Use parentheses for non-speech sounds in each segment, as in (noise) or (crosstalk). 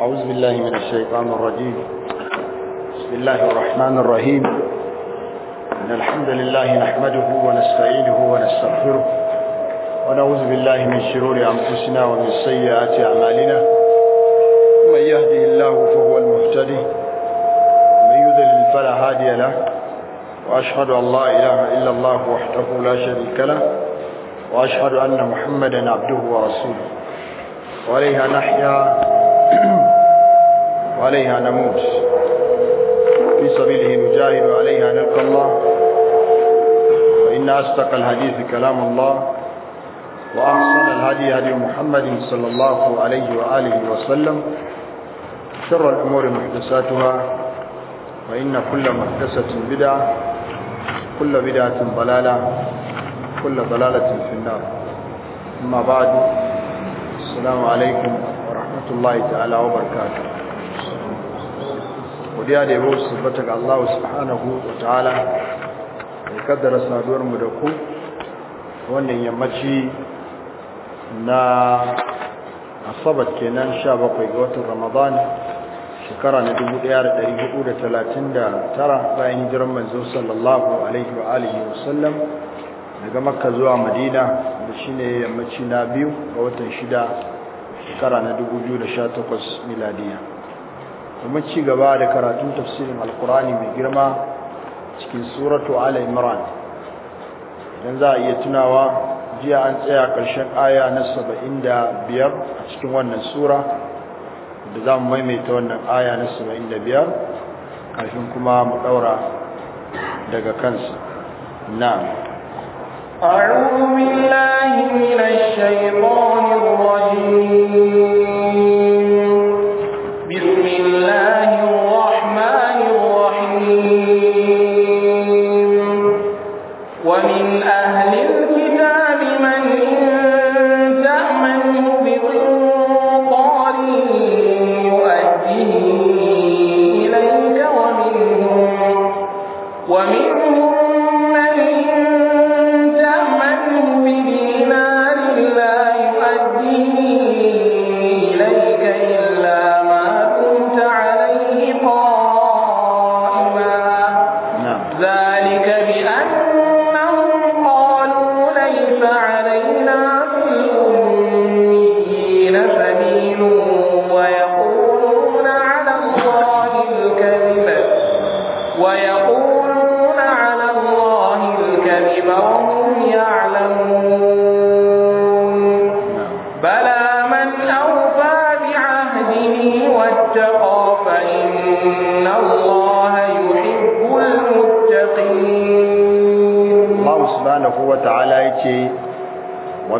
أعوذ بالله من الشيطان الرجيم بسم الله الرحمن الرحيم إن الحمد لله نحمده ونستعينه ونستغفره ونعوذ بالله من شرور أنفسنا ومن سيئات أعمالنا من يهدي الله فهو المهتدي ومن يذلل فلا هادي له وأشهد أن لا إله إلا الله وحده لا شريك له وأشهد أن محمدا عبده ورسوله وعليها نحيا وعليها نموت في سبيله نجاهد وعليها نلقى الله فإن أصدق الحديث كلام الله وأحسن الهدي هدي محمد صلى الله عليه وآله وسلم شر الأمور محدثاتها وإن كل محدثة بدعة كل بدعة ضلالة كل ضلالة في النار أما بعد السلام عليكم ورحمة الله تعالى وبركاته godiya da yabo su bata ga Allah subhanahu wa ta'ala ya kaddara saduwar mu da ku wannan yammaci na asabar kenan 17 ga watan Ramadan shekara na 1439 bayan hijiran manzo sallallahu alaihi wa alihi wa sallam daga Makka zuwa Madina da shine yammaci na biyu ga watan 6 shekara na 2018 miladiya kuma ci gaba da karatun tafsirin alkurani mai girma cikin suratu ala imran idan za a iya tunawa jiya an tsaya ƙarshen aya na saba'in da biyar a cikin wannan sura da za mu maimaita wannan aya na saba'in da biyar kafin kuma mu ɗaura daga kansu na أعوذ بالله من الشيطان الرجيم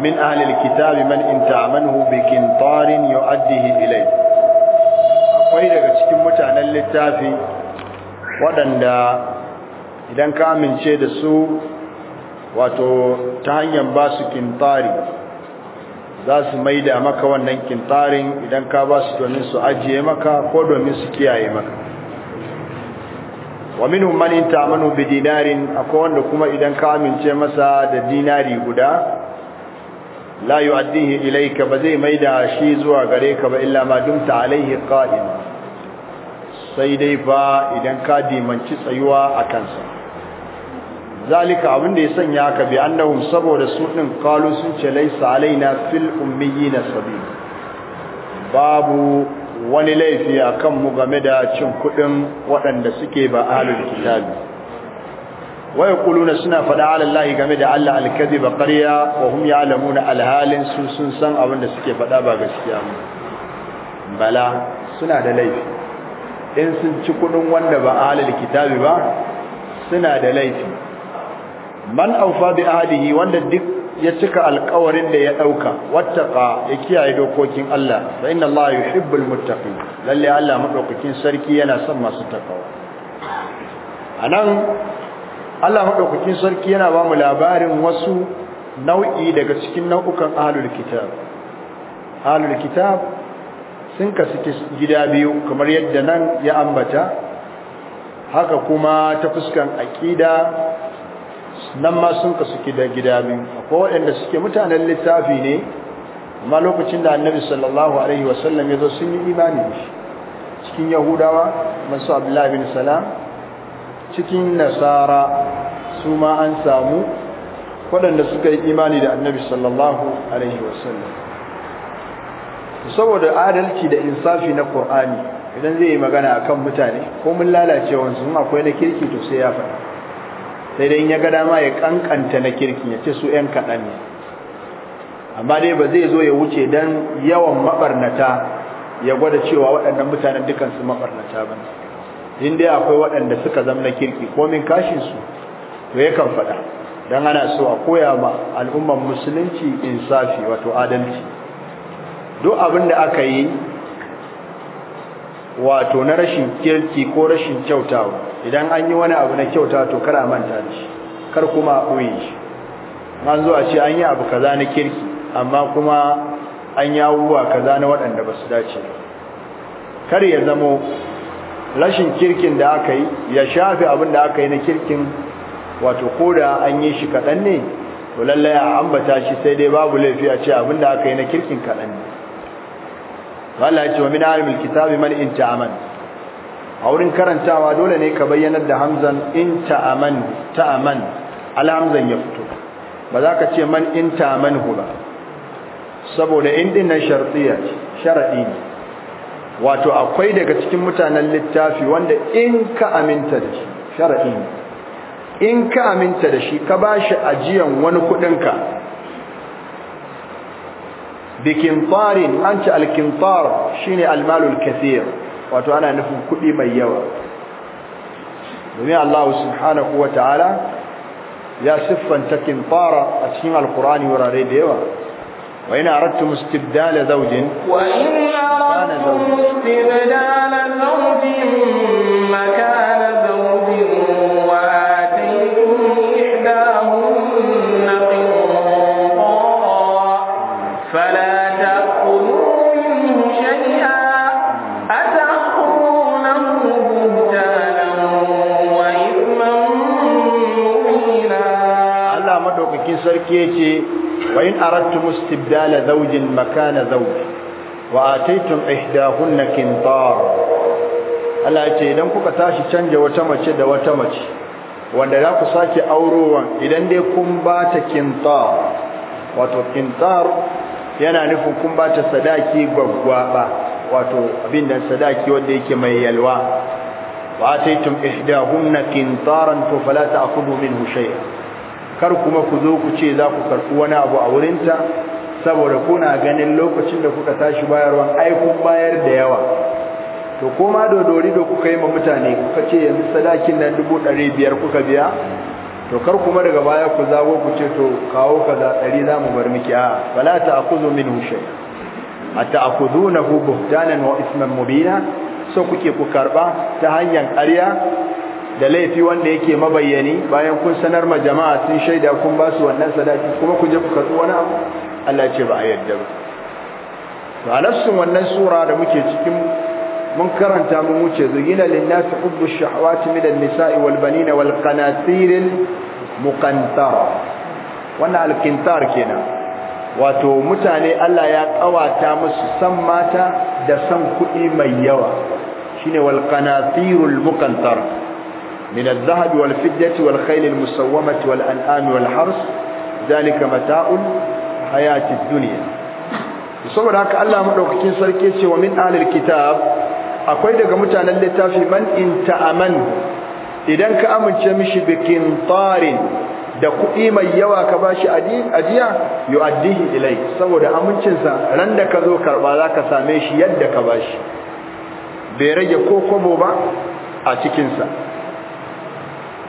in أهل الكتاب من إن تعمنه بكنطار يؤديه إليه akwai daga cikin mutanen littafi waɗanda idan ka amince da su wato ta hanyar ba su kintari za su maida maka wannan kintarin idan ka ba su domin su ajiye maka ko domin su kiyaye maka wa minhum man intamanu bi dinarin akwai wanda kuma idan ka amince masa da dinari guda la yu'addihi ilayka ba zai mai da shi zuwa gare ka ba illa ma dumta alaihi qa'im sai dai fa idan ka dimanci tsayuwa a kansa zalika abin da ya sanya ka bi annahum saboda su din qalu sun ce laysa alaina fil ummiyin sabil babu wani laifi akan mu game da cin kudin waɗanda suke ba ahlul kitabi waya kuluna suna faɗa alallahi game da Allah al ba qarya wa hum ya'lamuna al su sun san abin da suke faɗa ba gaskiya ba bala suna da laifi in sun ci kudin wanda ba alal kitabi ba suna da laifi man awfa bi ahdihi wanda duk ya cika alƙawarin da ya ɗauka, wattaqa ya kiyaye dokokin Allah fa inna Allah yuhibbul muttaqin lalle Allah madaukakin sarki yana son masu takawa anan Allah madaukakin sarki yana ba mu labarin wasu nau'i daga cikin nau'ukan ahlul kitab ahlul kitab sun kasu gida biyu kamar yadda nan ya ambata haka kuma ta fuskan aqida nan ma sun kasu gida gida biyu akwai waɗanda suke mutanen littafi ne amma lokacin da annabi sallallahu alaihi wasallam ya zo sun yi imani cikin yahudawa masu abdullahi bin salam cikin nasara su ma an samu waɗanda suka yi imani da annabi sallallahu alaihi wasallam saboda adalci da insafi na ƙur'ani idan zai yi magana akan mutane ko mun wansu mun akwai na kirki to sai ya faɗa sai dai ya ga dama ya ƙanƙanta na kirki ya ce su ƴan kaɗan ne amma dai ba zai zo ya wuce dan yawan maɓarnata ya gwada cewa waɗannan mutanen dukansu maɓarnata ba ne in akwai waɗanda suka zama kirki ko min kashin su to yakan faɗa dan ana so a koya ma al'ummar musulunci insafi wato adalci duk abin da aka yi wato na rashin kirki ko rashin kyautawa idan an yi wani abu na kyauta to kar a manta da shi kar kuma a ɓoye shi an zo a ce an yi abu kaza na kirki amma kuma an yi abubuwa kaza na waɗanda ba su dace kar ya zamo rashin kirkin da aka yi ya shafi abin da aka yi na kirkin wato ko da an yi shi kaɗan ne to lallai a ambata shi sai dai babu laifi a ce abin da aka yi na kirkin kaɗan ne Allah ce wa min alimul kitabi man in ta'aman a wurin karantawa dole ne ka bayyanar da hamzan in ta'aman ta'aman alhamzan ya fito ba za ka ce man in ta'aman hu ba saboda in din nan sharadi ne wato akwai daga cikin mutanen littafi wanda in ka aminta da shi shar'i in ka aminta da shi ka bashi ajiyan wani Bikin bikintarin an ci alkintar shine almalul kathir wato ana nufin kudi mai yawa domin Allah subhanahu ta'ala ya siffanta kintara a cikin alkurani wurare da yawa وإن أردتم استبدال زوج وإن أردتم استبدال زوج مكان زوج وآتيتم إحداهن قنطارا فلا تأخذوا منه شيئا أتأخذونه بهتانا وإثما مبينا الله مدعوك كي سركيتي wa in aradtum istibdala zawjin makana zawj wa ataytum ihdahunna qintar Allah ce idan kuka tashi canja wata mace da wata mace wanda za ku sake aurowan idan dai kun ba ta qintar wato qintar yana nufin kun ba ta sadaki gwaggwaba wato abin da sadaki wanda yake mai yalwa wa ataytum ihdahunna qintaran fa fala kar kuma ku zo ku ce za ku karɓi wani abu a wurinta saboda kuna ganin lokacin da kuka tashi bayarwa ai kun bayar da yawa to koma dori da kuka yi ma mutane kuka ce yanzu sadakin nan dubu ɗari biyar kuka biya to kar kuma daga baya ku zago ku ce to kawo kaza ɗari za mu bar miki a fala ta akuzu min a ta kuzo na hu "Danan wa isman mubina so kuke ku karɓa ta hanyar ƙarya da laifi wanda yake mabayyani bayan kun sanar ma jama'a sun shaida kun ba su wannan sadaki kuma ku je ku karɓi wani abu Allah ce ba a yarda ba to alassun wannan sura da muke cikin mun karanta mun wuce zuyina lin-nasi hubbu shahawati min an-nisa'i wal-banina wal-qanatir al-muqantara wannan al-qintar kenan wato mutane Allah ya kawata musu san mata da san kuɗi mai yawa shine wal-qanatir al-muqantara من الذهب والفدة والخيل المسومة والأنعام والحرس ذلك متاع حياة الدنيا saboda haka Allah madaukakin sarki yace wa min ahlil kitab akwai daga mutanen littafi man in ta'aman idan ka amince mishi bikin tarin da kuɗi mai yawa ka bashi ajiya yu'addihi ilai saboda amincinsa ran da ka zo karba zaka same shi yadda ka bashi bai rage kokobo ba a cikinsa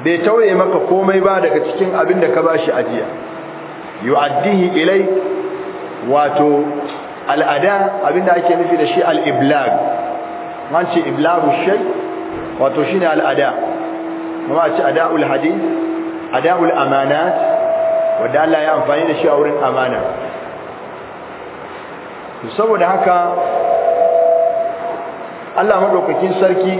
bai tauye maka komai ba daga cikin abin da ka bashi ajiya yu'addihi ilai wato al'ada abin da ake nufi da shi al-iblag man ce iblagu shay wato shine al'ada kuma ce ada'ul hadith ada'ul amanat wanda Allah ya amfani da shi a wurin amana saboda haka Allah madaukakin sarki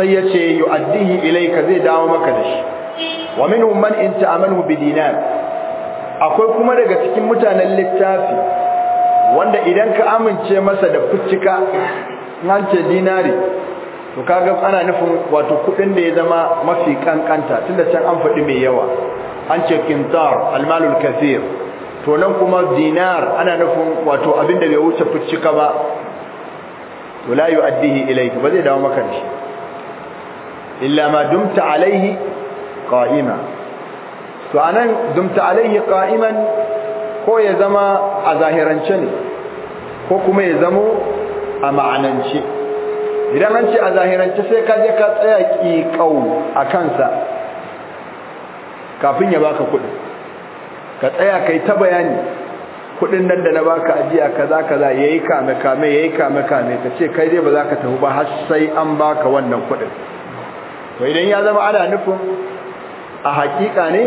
sai ya ce ilai ilayka zai dawo maka da shi wa minhum man in ta'amanu bi dinar akwai kuma daga cikin mutanen littafi wanda idan ka amince masa da fuccika nan ce dinari to kaga ana nufin wato kudin da ya zama mafi kankanta tunda can an faɗi mai yawa an ce kintar almalul kathir to nan kuma dinar ana nufin wato abinda bai wuce fuccika ba to la yu'addihi ilayka ba zai dawo maka da shi illa ma dumta alaihi qa'ima to anan dumta alaihi qa'iman ko ya zama a zahirance ne ko kuma ya zamo a ma'anance idan an ce a zahirance sai ka je ka tsaya ƙiƙau a kansa kafin ya baka kuɗi ka tsaya kai ta bayani kuɗin nan da na baka ajiya kaza kaza yayi kame kame yayi kame kame ka ce kai dai ba za ka tafi ba har sai an baka wannan kuɗin to idan ya zama ana nufin a hakika ne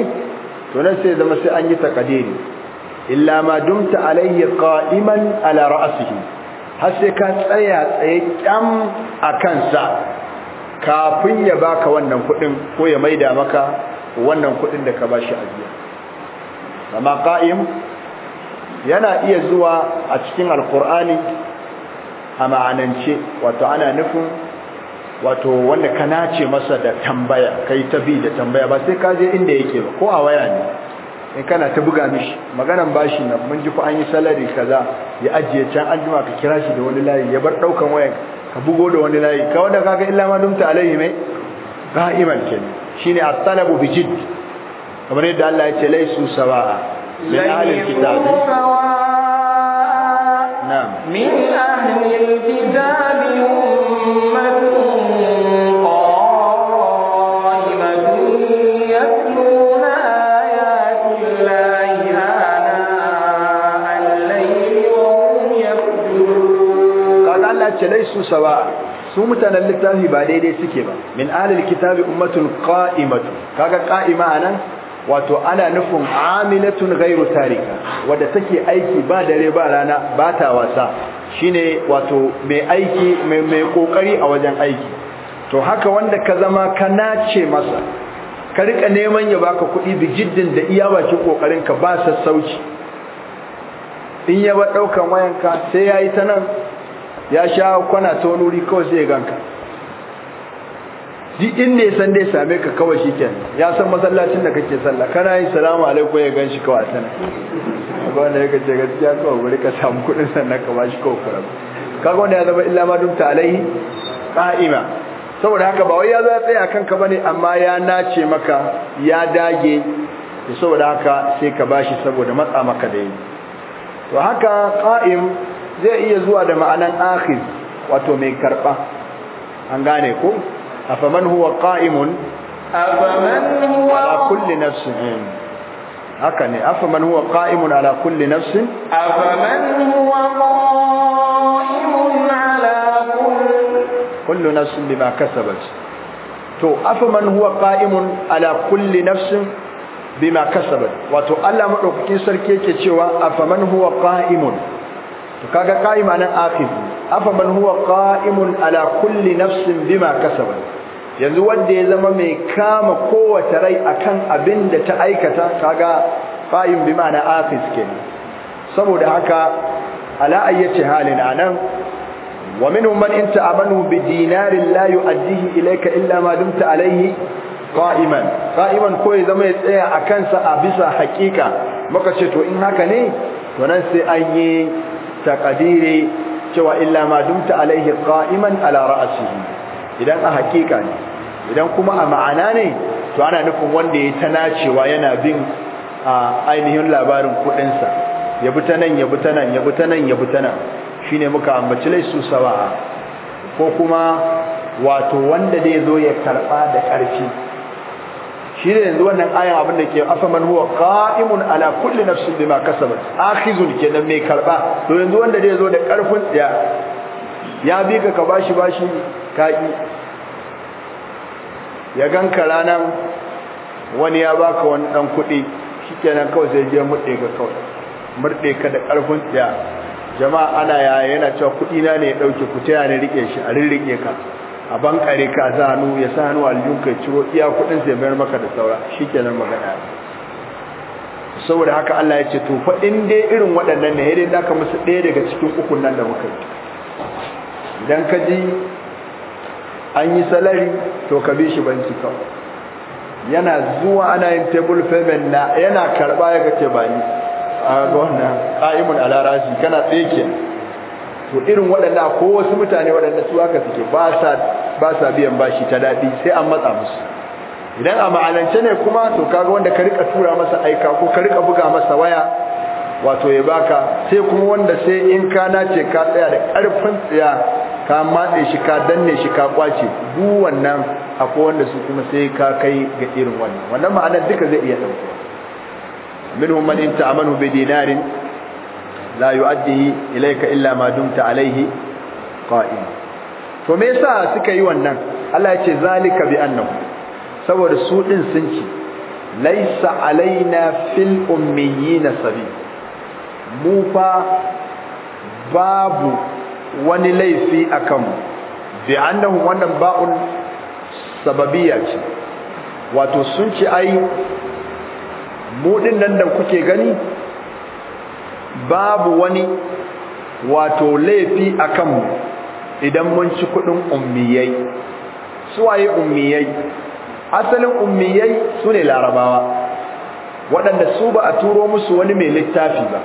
to nan sai zama sai an yi takadiri illa ma dumta alayhi qa'iman ala ra'sihi har sai ka tsaya tsaye kyam a kansa kafin ya baka wannan kuɗin ko ya maida maka wannan kuɗin da ka bashi ajiya amma qa'im yana iya zuwa a cikin alqur'ani a ma'anance wato ana nufin wato wanda ka nace masa da tambaya kai ta bi da tambaya ba sai ka je inda yake ba ko a waya ne in kana ta buga mishi maganan bashi na mun ji ku an yi salari kaza ya ajiye can an jima ka kira shi da wani layi ya bar daukan wayan ka bugo da wani layi ka wanda kaga illa ma dumta alaihi mai qa'iman kenan shine at-talabu bi jidd kamar yadda Allah ya ce laisu sawa'a min ahli kitab na'am min ahli al-kitab ummatun ce laisu sawa su mutanen littafi ba daidai suke ba min ahlil kitabi ummatun qa'imatu kaga qa'ima anan wato ana nufin amilatun ghairu tarika wanda take aiki ba dare ba rana ba ta wasa shine wato mai aiki mai mai kokari a wajen aiki to haka wanda ka zama ka nace masa ka rika neman ya baka kuɗi bijiddin da iya bakin kokarin ka ba sassauci in ya ba daukan wayanka sai yayi ta nan ya sha kwana ta wani wuri kawai sai ya ganka duk in ya san dai same ka kawai shi ke ya san masallacin da kake sallah kana yin salamu alaikum ya gan shi kawai sana ga wanda ya kace gaskiya kawai wuri ka samu kudin sannan ka ba shi kawai kurabu kaga wanda ya zama illa ma dumta alaihi qa'ima saboda haka ba wai ya zai tsaya kanka bane amma ya nace maka ya dage saboda haka sai ka bashi saboda matsa maka da yi to haka qa'im zai iya zuwa da ma'anan akhir wato mai karba an gane ko afaman huwa qa'imun afaman huwa ala kulli nafsin haka ne afaman huwa qa'imun ala kulli nafsin afaman huwa qa'imun ala kulli kullu nafsin bima kasabat to afaman huwa qa'imun ala kulli nafsin bima kasabat wato Allah madaukakin sarki yake cewa afaman huwa qa'imun to kaga qa'im anan akhir afa man huwa qa'imun ala kulli nafsin bima kasabat yanzu wanda ya zama mai kama kowace rai akan abin da ta aikata kaga qa'im bima na akhir kenan saboda haka ala ayyati halin anan wa minhum man in amanu bi dinarin la yu'addihi ilayka illa ma dumta alayhi qa'iman qa'iman ko ya zama ya tsaya akan sa a bisa haƙiƙa muka ce to in haka ne to nan sai an yi taqdiri cewa illa ma dumta alaihi qa'iman ala ra'sihi idan a hakika ne idan kuma a ma'ana ne to ana nufin wanda ya tanacewa yana bin a ainihin labarin kuɗinsa, ya bi nan ya bi nan ya bi nan ya bi nan shine muka ambaci laisu sawa'a ko kuma wato wanda zai zo ya karba da karfi shine yanzu wannan ayan abin da ke afaman huwa qa'imun ala kulli nafsin bima kasabat akhizun kenan mai karba to yanzu wanda zai zo da karfin tsaya ya bi ka ka bashi bashi kaki ya ganka ranan wani ya baka wani dan kuɗi shikenan kawai sai je murɗe ka kawai murde ka da karfin tsaya jama'a ana yaya yana cewa kuɗi na ne ya dauke ku taya ne rike shi a rirrike ka a bankare ka zanu ya sa hannu aljihun ya ciro iya kudin sai bayar maka da saura shikenan magana saboda haka Allah ya ce to fa in dai irin waɗannan ne dai zaka musu ɗaya daga cikin ukun nan da muka yi idan ka ji an yi salari to ka bi shi banki ka yana zuwa ana yin table payment na yana karba ya kace ba ni a ga wannan qa'imun alarazi kana tsaye kenan to irin waɗanda ko wasu mutane waɗanda su haka suke ba sa biyan bashi ta daɗi sai an matsa musu idan a ma'anance ne kuma to kaga wanda ka rika tura masa aika ko ka rika buga masa waya wato ya baka sai kuma wanda sai in ka nace ka tsaya da ƙarfin tsaya ka matse shi ka danne shi ka kwace duk wannan akwai wanda su kuma sai ka kai ga irin wannan wannan ma'anar duka zai iya ɗauka minhum man in ta'amanu bi dinarin la yu'addihi ilayka illa ma dumta alayhi qa'im to me yasa suka yi wannan Allah ya ce zalika bi annahu saboda su din sun ci laisa alaina fil ummiyina sabi mu fa babu wani laifi akan bi annahu wannan ba'un sababiyya ce wato sun ci ai mu din nan da kuke gani babu wani wato laifi a mu idan mun ci kuɗin ummiyai suwaye ummiyai asalin ummiyai su ne larabawa waɗanda su ba a turo musu wani mai littafi ba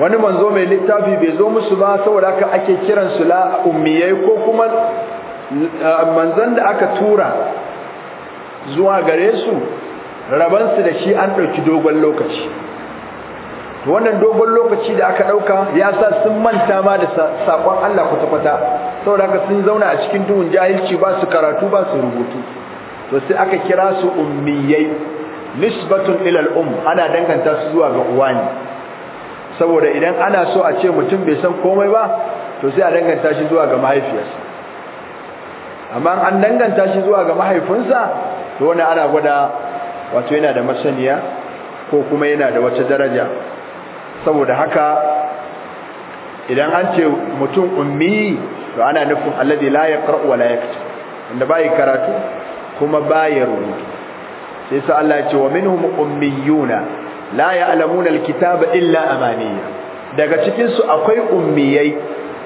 wani manzo mai littafi bai zo musu ba saboda haka ake kiransu la ummiyai ko kuma manzon da aka tura zuwa gare su rabansu da shi an ɗauki dogon lokaci to wannan dogon lokaci da aka dauka ya sa sun manta ma da sakon Allah kwata-kwata saboda haka sun zauna a cikin duhun jahilci ba su karatu ba su rubutu to sai aka kira su ummiyai nisbatun ila al-um ana danganta su zuwa ga uwa ne saboda idan ana so a ce mutum bai san komai ba to sai a danganta shi zuwa ga mahaifiyarsa amma an danganta shi zuwa ga mahaifinsa to wannan ana gwada wato yana da masaniya ko kuma yana da wata daraja saboda haka idan an ce mutum ummi to ana nufin alladhi la yaqra'u wa la yaktub wanda bai karatu kuma bai rubutu sai sa Allah ya ce wa minhum ummiyuna la ya'lamuna alkitaba illa amaniya daga cikin su akwai ummiyai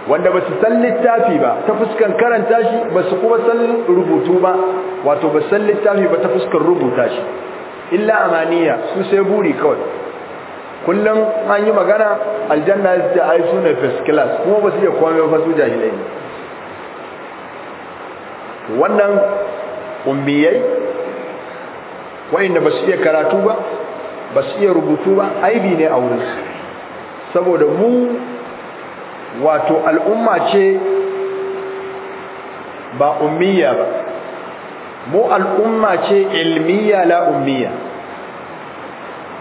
wanda basu san littafi ba ta fuskan karanta shi basu kuma san rubutu ba wato basu san littafi ba ta fuskan rubuta shi illa amaniya su sai buri kawai kullum an yi magana aljanna ya ce ai su ne first class kuma ba su iya kwame ba su jahilai wannan ummiyai wa'inda ba su iya karatu ba ba su iya rubutu ba aibi ne a su saboda mu wato al'umma ce ba ummiya ba mu al'umma ce ilmiya la ummiya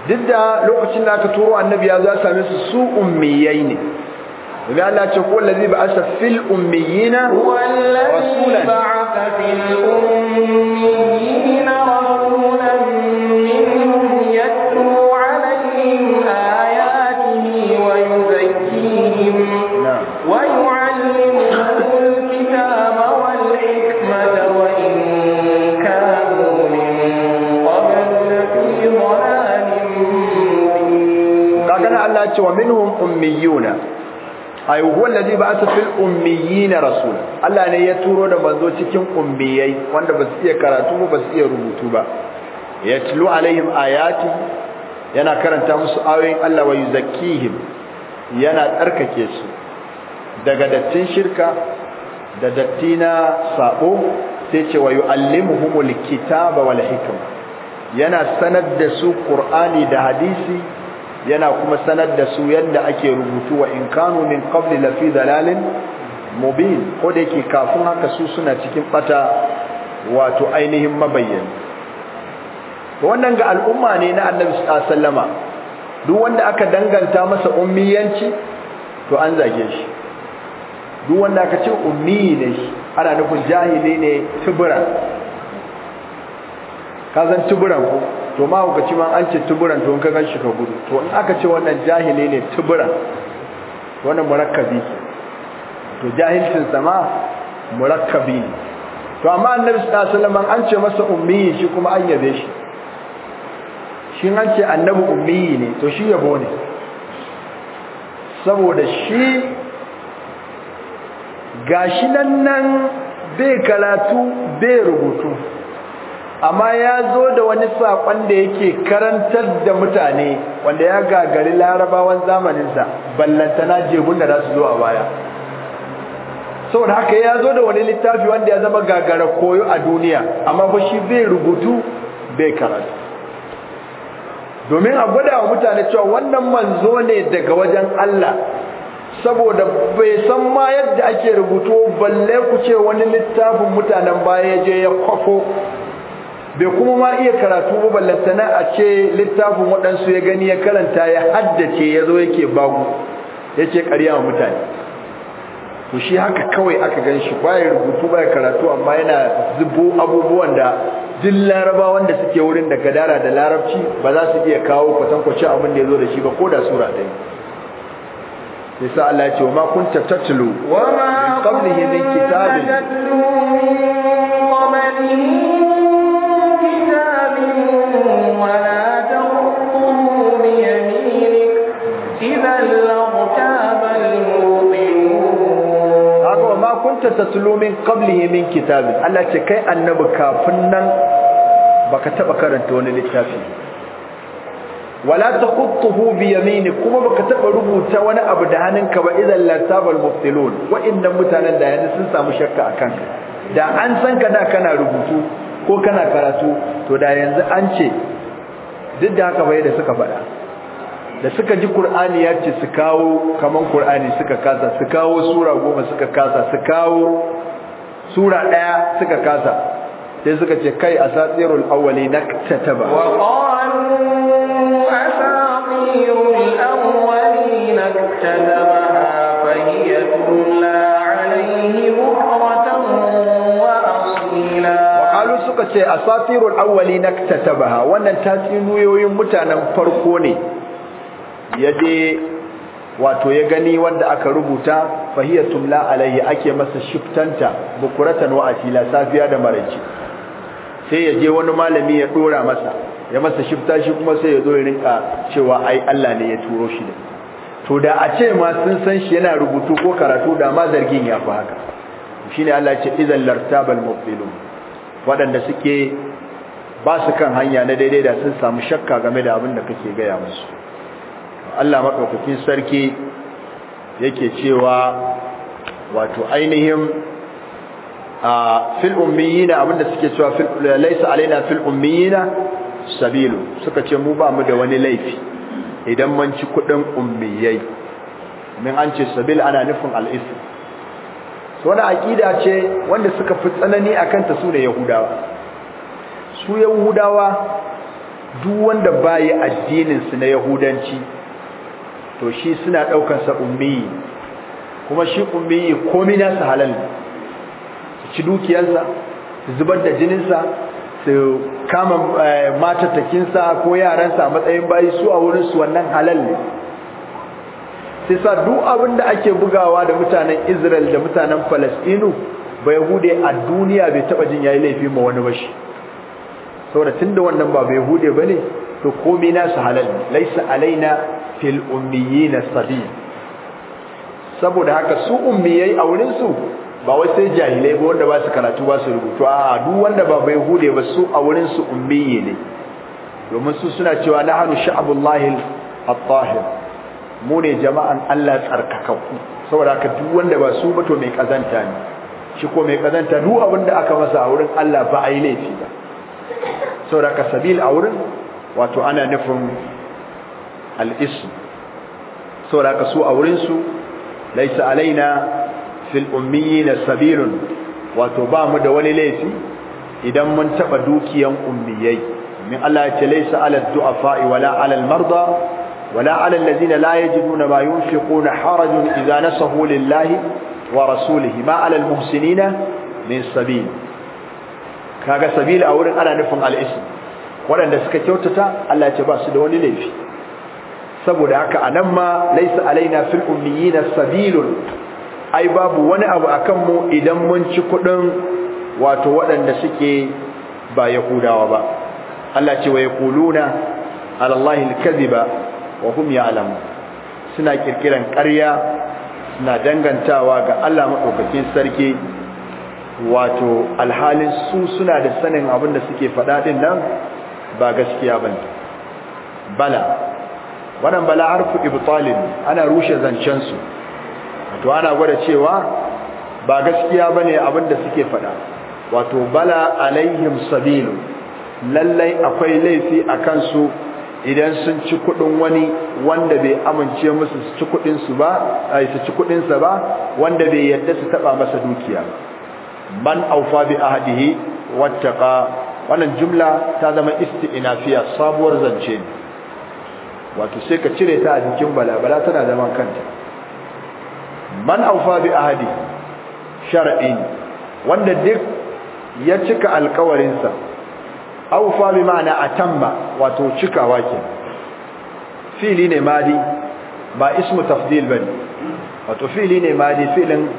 duk da lokacin da aka turo annabi ya za same su su ummiyai ne Nabi Allah ce ko allazi ba'atha fil ummiyina rasulan ba'atha fil ummiyina ummiyuna ay huwa allazi ba'atha fil ummiyina rasul Allah ne ya turo da manzo cikin ummiyai wanda ba su iya karatu ba su iya rubutu ba yatlu alaihim ayati yana karanta musu ayoyin Allah wa yuzakkihim yana tsarkake su daga dattin shirka da dattina sabo sai ce wa yu'allimuhumul kitaba wal hikma yana sanar da su qur'ani da hadisi yana kuma sanar da su yadda ake rubutu wa in kanu min qabli la fi dalalin mubin ko da yake kafin haka su suna cikin bata wato ainihin To wannan ga al'umma ne na Annabi sallama duk wanda aka danganta masa ummiyanci to an zage shi duk wanda aka ce ummi ne shi, ana nufin jahili ne tubura ka tuburan ku to ma ci ma an ce tuburan to ka gan shi ka gudu to in aka ce wannan jahili ne tuburan wannan murakkabi to jahilcin sama murakkabi ne to amma annabi sallallahu alaihi wasallam an ce masa ummi shi kuma an yabe shi shi an ce annabi ummi ne to shi yabo ne saboda shi gashi nan nan bai karatu bai rubutu amma ya zo da wani saƙon da yake karantar da mutane wanda ya gagari larabawan zamaninsa ballantana jehun da za su zo a baya saboda haka ya zo da wani littafi wanda ya zama gagara koyo a duniya amma ba shi zai rubutu bai karatu domin a gwada wa mutane cewa wannan manzo ne daga wajen Allah saboda bai san ma yadda ake rubutu balle ku ce wani littafin mutanen baya ya je ya kwafo bai kuma ma iya karatu ba ballantana a ce littafin waɗansu ya gani ya karanta ya haddace ya zo yake bagu yake ƙarya wa mutane to shi haka kawai aka gan shi baya rubutu baya karatu amma yana zubo abubuwan da duk laraba da suke wurin da gadara da larabci ba za su iya kawo kwatankwacin abin da ya zo da shi ba ko da sura ɗaya nisa Allah ce wa ma kunta tatlu ولا تخطه بيمينك إذا لارتاب المبطلون أقوى ما كنت تتلو من baka taba karanta wani littafi wala taqutuhu bi yaminik kuma baka taba rubuta wani abu da hannunka ba idan latabal muftilun wa'annan mutanen da yanzu sun samu shakka akan ka da an san ka da kana rubutu ko kana karatu to da yanzu an ce duk da haka bai da suka faɗa da suka ji Qur'ani ya ce su kawo kaman Qur'ani suka kasa su kawo sura goma suka kasa su kawo sura daya suka kasa sai suka ce kai asatirul awwali naktataba wa qalu ce asatirul awwali naktatabaha wannan tatsuniyoyin mutanen farko ne yaje wato ya gani wanda aka rubuta fahiya la alaihi ake masa shiftanta bukuratan wa asila safiya da maraice sai yaje wani malami ya dora masa ya masa shifta shi kuma sai ya zo rinka cewa ai Allah ne ya turo shi da to da a ce ma sun san shi yana rubutu ko karatu da ma zargin ya fi haka shine Allah ya ce idan lartabal mubtilun waɗanda suke ba su kan hanya na daidai da sun samu shakka game da abin da kake gaya musu Allah maɗaukakin sarki yake cewa wato ainihin a fil ummiyina abinda suke cewa laisa alaina fil ummiyina sabilu suka ce mu ba mu da wani laifi idan mun ci kudin ummiyai min an ce sabil ana nufin al'ism wani aƙida ce wanda suka fi tsanani a kanta su da yahudawa su yahudawa duk wanda baya addininsu na yahudanci to shi suna ɗaukansa ummiyi kuma shi ummiyi komi nasa halal su ci dukiyarsa su zubar da jininsa su kama eh, matattakinsa ko yaransa a matsayin bayi su a wurinsu wannan halal sai sa duk abin da ake bugawa da mutanen Israel da mutanen Palestine ba Yahude a duniya bai taba jin yayi laifi ma wani ba shi saboda tunda wannan ba ba Yahude bane to komai su halal laisa alaina fil ummiyina sabil saboda haka su ummiyai a wurin su ba wai sai jahilai ba wanda ba su karatu ba su rubutu a duk wanda ba bai hude ba su a wurin su ummiyi ne domin su suna cewa nahnu sha'abullahi at-tahir mu ne jama'an Allah tsarkakakku saboda ka duk wanda ba su ba to mai kazanta ne shi ko mai kazanta duk abin da aka masa a wurin Allah ba ai laifi ba saboda ka sabil a wurin wato ana nufin al-ism saboda haka su a wurin su laisa alaina fil ummiyina sabilun wato ba mu da wani laifi idan mun taba dukiyan ummiyai min Allah ya ce laisa ala du'afa wala ala al-marda ولا على الذين لا يجدون ما ينفقون حرج إذا نصحوا لله ورسوله ما على المحسنين من سبيل kaga sabil a wurin ana nufin al'ism waɗanda suka kyautata Allah ya ce ba su da wani laifi saboda haka anan ma laisa alaina fil ummiyina sabilun ai babu wani abu akan mu idan mun ci kuɗin wato waɗanda suke ba yahudawa ba Allah ce wa yaquluna ala Allahi al-kadhiba wa hum ya'lamu suna kirkiran ƙarya suna dangantawa ga Allah madaukakin sarki wato alhalin su suna da sanin abin da suke faɗa din nan ba gaskiya bane bala wannan bala arfu ibtalin ana rushe zancen su wato ana gwada cewa ba gaskiya bane abin da suke faɗa wato bala alaihim sabilu lallai akwai laifi a kansu idan sun ci kudin wani wanda bai amince musu su ci kudin su ba ai su ci kudin sa ba wanda bai yadda su taba masa dukiya man aufa bi ahdihi wattaqa wannan jumla ta zama isti'nafiya sabuwar zance ne wato sai ka cire ta a jikin balabala tana zaman kanta man aufa bi ahadi shar'in wanda duk ya cika sa. Aufa bi ma'ana atamma wato cikawa ke fili ne madi ba ismu tafdil bane wato fili ne madi filin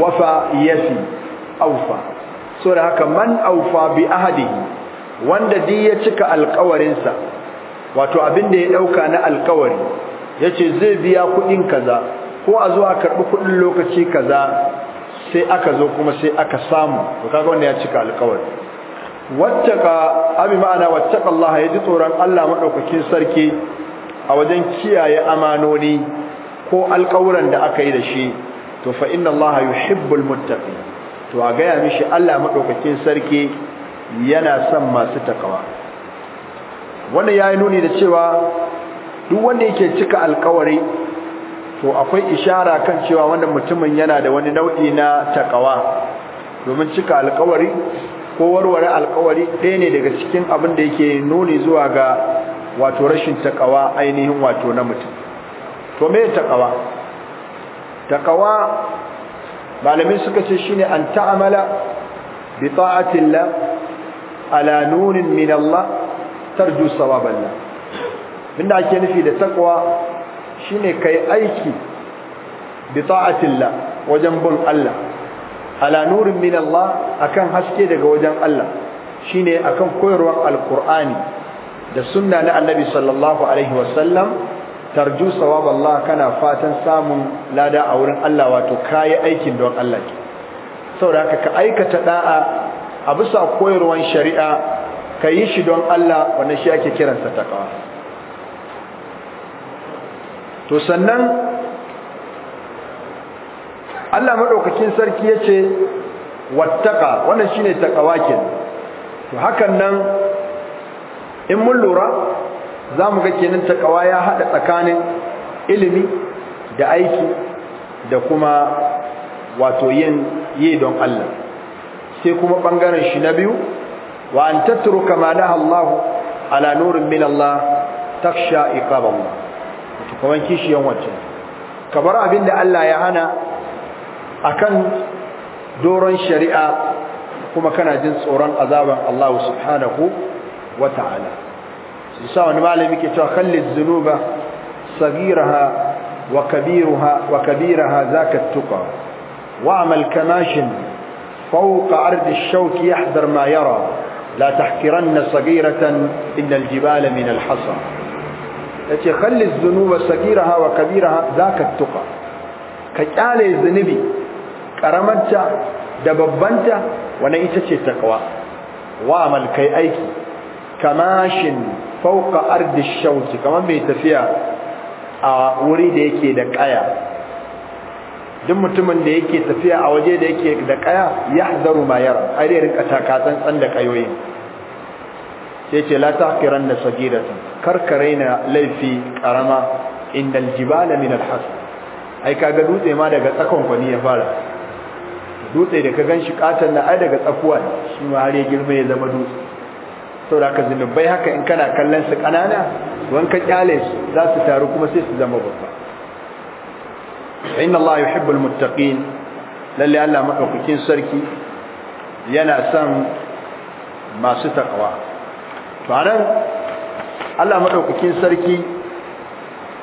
wafa yafi aufa. so da haka man aufa bi ahadihi wanda di ya cika sa, wato abin da ya dauka na alƙawari yace zai biya kuɗin kaza ko a zuwa karɓi kuɗin lokaci kaza sai aka zo kuma sai aka samu to kaga wanda ya cika alƙawari wattaka abi ma'ana wattaka Allah ya ji tsoron Allah madaukakin sarki a wajen kiyaye amanoni ko alƙawuran da aka yi da shi to fa inna Allah yuhibbul muttaqin to a gaya mishi Allah madaukakin sarki yana son masu takawa wannan yayi nuni da cewa duk wanda yake cika alƙawari to akwai ishara kan cewa wannan mutumin yana da wani nau'i na takawa domin cika alƙawari ko warware alkawari ɗaya ne daga cikin abin da yake nuni zuwa ga wato rashin takawa ainihin wato na mutum to me takawa takawa malamin suka ce shine an ta'amala bi ta'atillah ala nunin min Allah tarju sawaballah inda ake nufi da takwa shine kai aiki bi ta'atillah wajen bin Allah ala nurin min Allah akan haske daga wajen Allah shine akan koyarwar alqur'ani da sunna na annabi sallallahu alaihi wasallam tarju sawab Allah kana fatan samun lada a wurin Allah wato kai aikin don Allah saboda ka aikata da'a a bisa koyarwar shari'a ka yi shi don Allah wannan shi ake kiransa takawa to sannan Allah madaukakin sarki yace wattaqa wannan shine takawa kenan to hakan nan in mun lura zamu ga kenan takawa ya hada tsakanin ilimi da aiki da kuma wato yin yi don Allah sai kuma bangaren shi na biyu wa an tatruka ma laha Allah ala nurin min Allah taksha iqab Allah to kaman kishiyan wacce kabar abinda Allah ya hana akan doron shari'a kuma kana jin tsoron azaban Allah subhanahu wata'ala ta'ala wani malami ke cewa kalli zunuba sagiraha wa kabiraha wa kabiraha zakat tuqa wa amal kamashin فوق عرض الشوك يحذر ما يرى لا تحكرن صغيرة إن الجبال من الحصى yace khalli zunuba sagiraha wa kabiraha zakat tuqa ka kyale zunubi karamarta da babbanta wannan ita ce takwa wa amal aiki kamashin fauka ardi shawti kamar mai tafiya a wuri da yake da kaya duk mutumin da yake tafiya a waje da yake da kaya yahzaru ma yara har dai rinka taka tsantsan da kayoyi sai ce la tahqiranna sagiratan karkaraina laifi karama indal jibala min hasan ai kaga dutse ma daga tsakon kwani ya fara dutse da ka gan shi katan na ai daga tsakuwa ne shi ma har ya girma ya zama dutse saboda ka bai haka in kana kallon su kanana wan ka kyale su za su taru kuma sai su zama babba inna allaha yuhibbu almuttaqin lalle Allah madaukakin sarki yana son masu takawa to anan Allah madaukakin sarki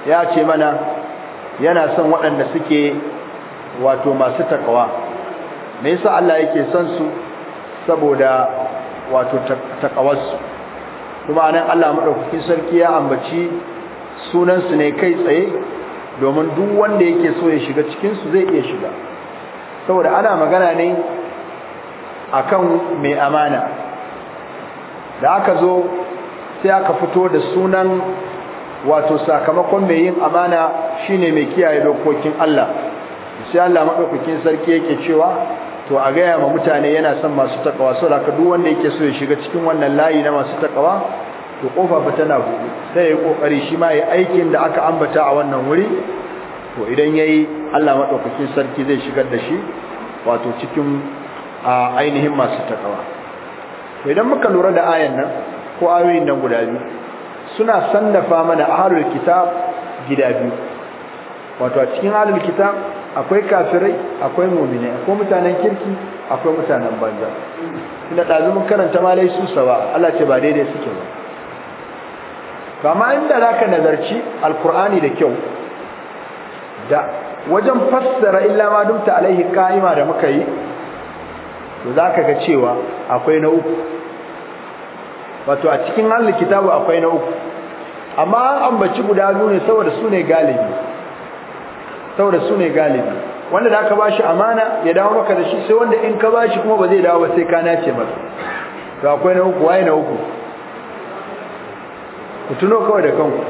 ya ce mana yana son waɗanda suke wato masu takawa me yasa Allah yake son su saboda wato takawarsu kuma anan Allah madaukakin sarki ya ambaci sunan su ne kai tsaye domin duk wanda yake so ya shiga cikin su zai iya shiga saboda ana magana ne akan mai amana da aka zo sai aka fito da sunan wato sakamakon mai yin amana shine mai kiyaye dokokin Allah sai Allah madaukakin sarki yake cewa to a gaya ma mutane yana son masu takawa so da duk wanda yake so ya shiga cikin wannan layi na masu takawa to kofa fa tana buɗe sai ya kokari shi ma ya aikin da aka ambata a wannan wuri to idan yayi Allah madaukakin sarki zai shigar da shi wato cikin ainihin masu takawa to idan muka lura da ayan nan ko ayoyin nan guda biyu suna sannafa mana ahlul kitab gida biyu wato a cikin ahlul kitab akwai kafirai akwai mu'mini akwai mutanen kirki akwai mutanen banza ina mun karanta ma laisu sawa Allah ce ba daidai suke ba kama inda zaka nazarci alqur'ani da kyau da wajen fassara illa ma dumta alaihi qa'ima da muka yi to zaka ga cewa akwai na uku wato a cikin halin kitabu akwai na uku amma an ambaci guda biyu ne saboda su ne galibi saboda su ne galibi wanda da aka bashi amana ya dawo maka da shi sai wanda in ka bashi kuma ba zai dawo ba sai ka nace masa to akwai na uku waye na uku ku tuno kawai da kanku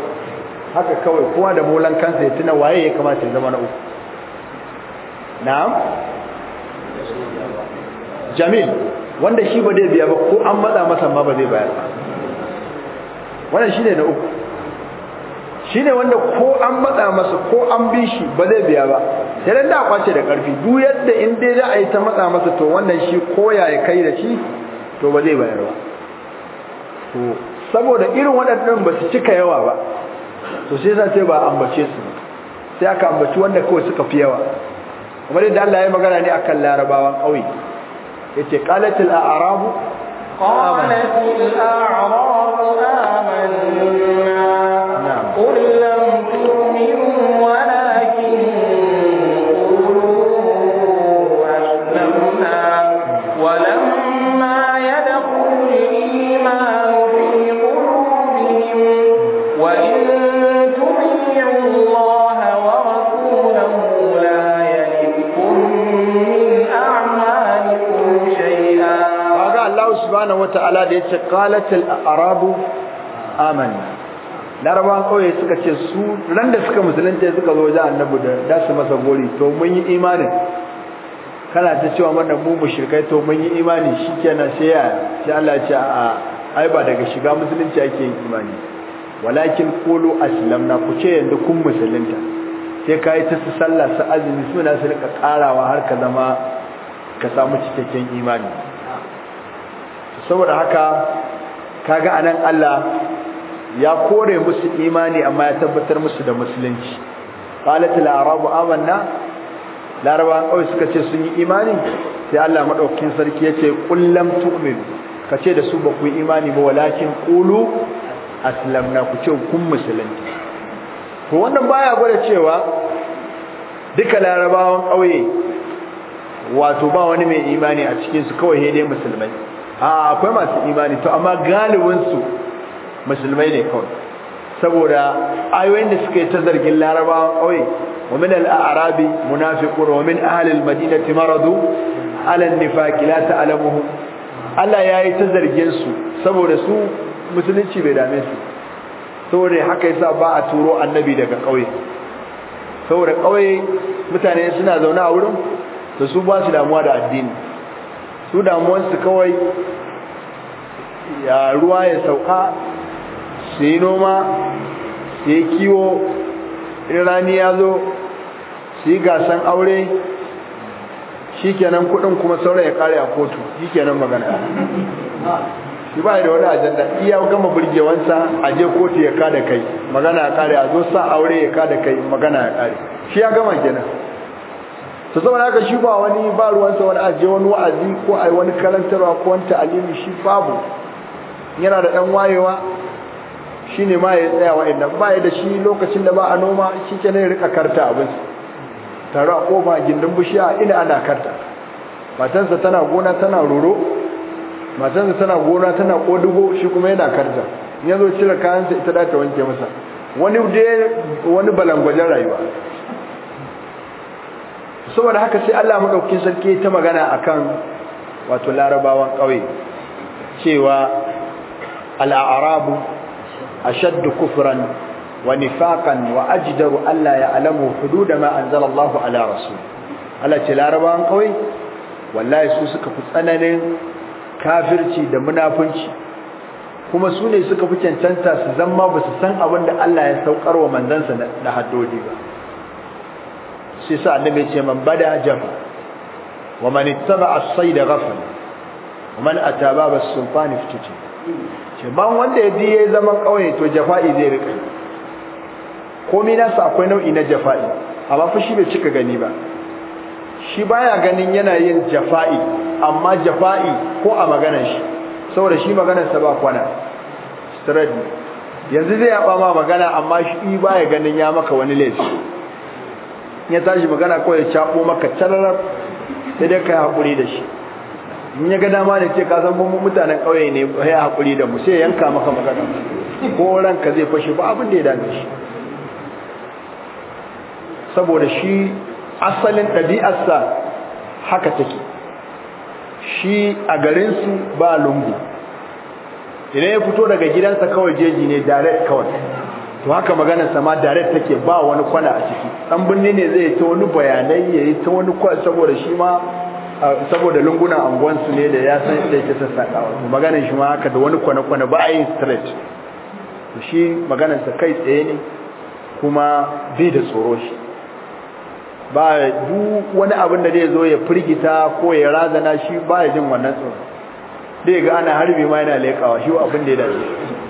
haka kawai kowa da molan kansa ya tuna waye ya kamata ya zama na uku na'am jamil wanda shi ba zai biya ba ko an matsa masa ma ba zai bayar ba wannan shine na uku Shi ne wanda ko an matsa masa ko an bi shi ba zai biya ba sai dan da kwace da karfi duk yadda in dai za a yi ta matsa masa to wannan shi ko ya kai da shi to ba zai bayar ba to saboda irin waɗannan ba su cika yawa ba to sai yasa sai ba ambace su sai aka ambaci wanda kawai suka fi yawa kamar yadda Allah ya magana ne akan larabawan ƙauye yace qalatil a'rabu qalatil a'rabu amanna ta'ala da yace qalatil arabu amanna larabawan kauye suka ce su ran da suka musulunta suka zo wajen annabi da dasu masa gori to mun yi imanin kana ta cewa wannan mu mushrikai to mun yi imani shikenan sai ya sai Allah ya ce a ai ba daga shiga musulunci ake yin imani walakin qulu aslamna ku ce yanda kun musulunta sai kai ta su sallah su azumi suna su rika karawa har ka zama ka samu cikakken imani saboda haka kaga anan Allah ya kore musu imani amma ya tabbatar musu da musulunci qalat al-arabu amanna larabawan kawai suka ce sun yi imani sai Allah madaukakin sarki yace qul lam tu'min kace da su ba ku imani ba walakin qulu aslamna ku ce kun musulunci to wannan baya gwada cewa duka larabawan kauye wato ba wani mai imani a cikin su kawai dai musulmai A'a akwai masu imani to amma galibinsu musulmai ne kawai saboda ayoyin da suka yi ta zargin larabawa kawai wa min al-arabi munafiqun wa min ahli al-madinati maradu ala an-nifaq la ta'lamuhu Allah yayi ta zargin su saboda su musulunci bai dame su saboda haka yasa ba a turo annabi daga kauye saboda kauye mutane suna zaune a wurin to su ba su damuwa da addini su damuwarsu kawai ya ruwa ya sauka su yi noma su yi kiwo in rani ya zo su yi gasan aure shi kenan kudin kuma sauran ya kare a kotu shi kenan magana shi ba da wani ajanda iya gama burgewansa a je kotu ya kada kai magana ya kare a zo sa aure ya kada kai magana ya kare shi ya gama kenan to saboda haka shi ba wani ba ruwansa wani ajiye wani wa'azi ko a wani karantarwa ko wani ta'alimi shi babu yana da ɗan wayewa shine ma ya tsaya wa'annan ba ya da shi lokacin da ba a noma shi ke nai rika karta abin tare a koma gindin bishiya ina ana karta matansa tana gona tana roro matansa tana gona tana kodugo shi kuma yana karta yanzu cire kayansa ita da ta wanke masa wani wani balangwajen rayuwa saboda haka sai Allah madaukakin sarki ta magana akan wato larabawan kauye cewa al-a'rabu ashaddu kufran wa nifaqan wa ajdaru alla ya'lamu hudud ma anzala Allah ala rasul Allah ce larabawan kauye wallahi su suka fi tsananin kafirci da munafunci kuma su ne suka fi cancanta su zama ba su san abin da Allah ya saukar wa manzansa da haddodi ba sai sa annabi ce man bada jafa wa man ittaba as-sayd ghafal wa man ataba bis-sultan iftuti ce ban wanda ya ji yayi zaman kauye to jafa'i zai rika komai nasa akwai nau'i na jafa'i amma fa shi bai cika gani ba shi baya ganin yana yin jafa'i amma jafa'i ko a maganar shi saboda shi maganar sa ba kwana straight yanzu zai yaba ma magana amma shi baya ganin ya maka wani laifi ya tashi magana ko ya cabo maka tararar sai dai kai hakuri da shi in ya ga dama da ce ka san mu mutanen kauye ne ya hakuri da mu sai yanka maka magana ko ranka zai fashe ba abin da ya dace shi saboda shi asalin dabi'arsa haka take shi a garin su ba lungu idan ya fito daga gidansa kawai jeji ne direct kawai to haka maganar sama direct take ba wani kwana a ciki dan binne ne zai ta wani bayanai yayi ta wani kwa saboda shi ma saboda lungunan anguwan su ne da ya san da yake sassakawa to maganar shi ma haka da wani kwana kwana ba a yin straight to shi maganar sa kai tsaye ne kuma bi da tsoro shi ba du wani abin da zai zo ya firgita ko ya razana shi ba jin wannan tsoro dai ga ana harbi ma yana lekawa shi abin da ya dace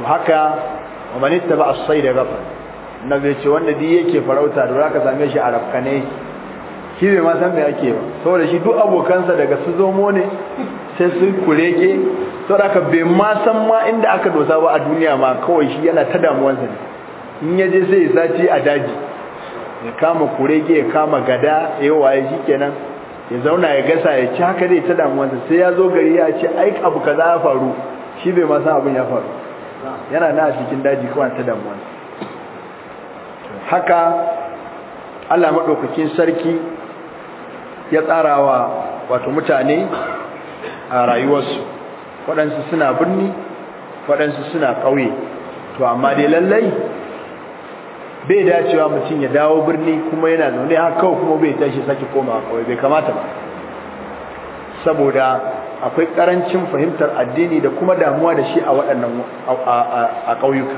to haka wa man ittaba as-sayd ghafal nabi ce wanda di yake farauta da zaka same shi a shi bai ma san me ake ba saboda shi duk abokansa daga su zomo ne sai su kureke saboda haka bai ma san ma inda aka dosa ba a duniya ma kawai shi yana ta damuwansa ne in ya je sai ya sati a daji ya kama kurege ya kama gada ya waye shikenan ya zauna ya gasa ya ci haka dai ta damuwansa sai ya zo gari ya ce ai abu kaza ya faru shi bai ma san abin ya faru yana na a cikin daji kuma ta damuwa haka Allah maɗaukakin sarki ya tsarawa wato mutane a rayuwarsu waɗansu suna birni waɗansu suna ƙauye to amma dai lallai bai dacewa mutum ya dawo birni kuma yana zaune haka kuma bai tashi sake koma ƙauye bai kamata ba saboda akwai karancin fahimtar addini da kuma damuwa da shi a waɗannan a ƙauyuka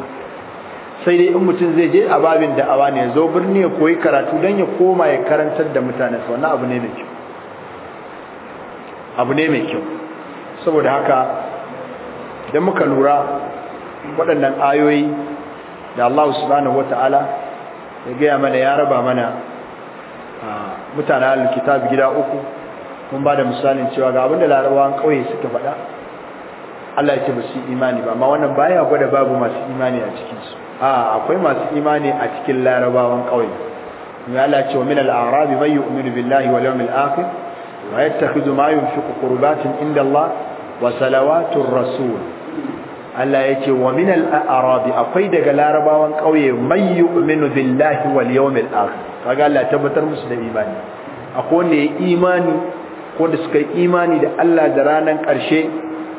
sai dai in mutum zai je a babin da da'awa ne zo birni ya koyi karatu don ya koma ya karantar da mutane su wannan abu ne mai kyau abu ne mai kyau saboda haka idan muka lura waɗannan ayoyi da Allah subhanahu wata'ala ya gaya mana ya raba mana mutane alkitab gida uku mun ba da misalin cewa ga abinda larabawan kauye suka faɗa Allah yake ba su imani ba amma wannan baya gwada babu masu imani a cikin su a akwai masu imani a cikin larabawan kauye ne Allah ce wa min al arabi man yu'minu billahi wal yawmil akhir wa yattakhidhu ma yunfiqu qurbatin inda Allah wa salawatur rasul Allah ya ce wa min al arabi akwai daga larabawan kauye man yu'minu billahi wal yawmil akhir kaga Allah tabbatar musu da imani akwai ne imani ko da suka yi imani da Allah da ranar ƙarshe